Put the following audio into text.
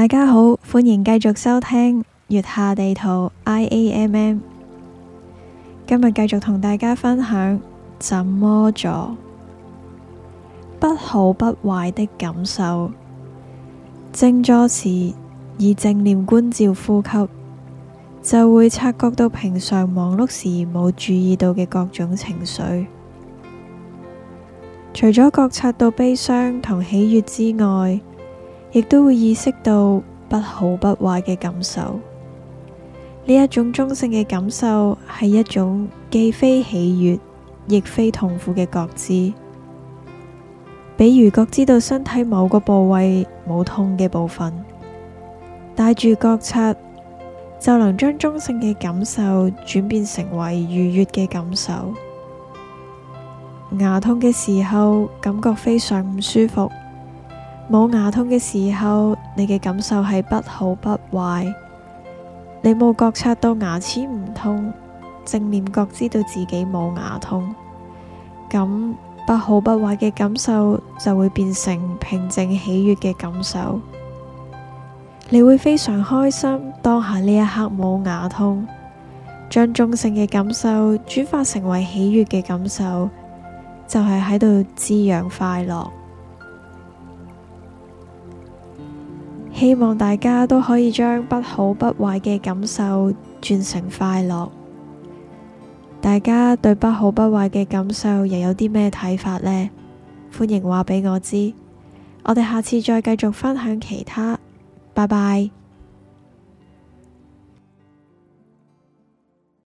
大家好，歡迎繼續收聽月下地圖 IAMM。今日繼續同大家分享怎麼坐，不好不壞的感受。靜坐時以正念觀照呼吸，就會察覺到平常忙碌時冇注意到嘅各種情緒。除咗覺察到悲傷同喜悅之外，亦都會意識到不好不壞嘅感受，呢一種中性嘅感受係一種既非喜悅亦非痛苦嘅覺知。比如覺知到身體某個部位冇痛嘅部分，帶住覺察，就能將中性嘅感受轉變成為愉悅嘅感受。牙痛嘅時候，感覺非常唔舒服。冇牙痛嘅時候，你嘅感受係不好不壞。你冇覺察到牙齒唔痛，正念覺知到自己冇牙痛，咁不好不壞嘅感受就會變成平靜喜悅嘅感受。你會非常開心當下呢一刻冇牙痛，將中性嘅感受轉化成為喜悅嘅感受，就係喺度滋養快樂。希望大家都可以將不好不壞嘅感受轉成快樂。大家對不好不壞嘅感受又有啲咩睇法呢？歡迎話俾我知。我哋下次再繼續分享其他。拜拜。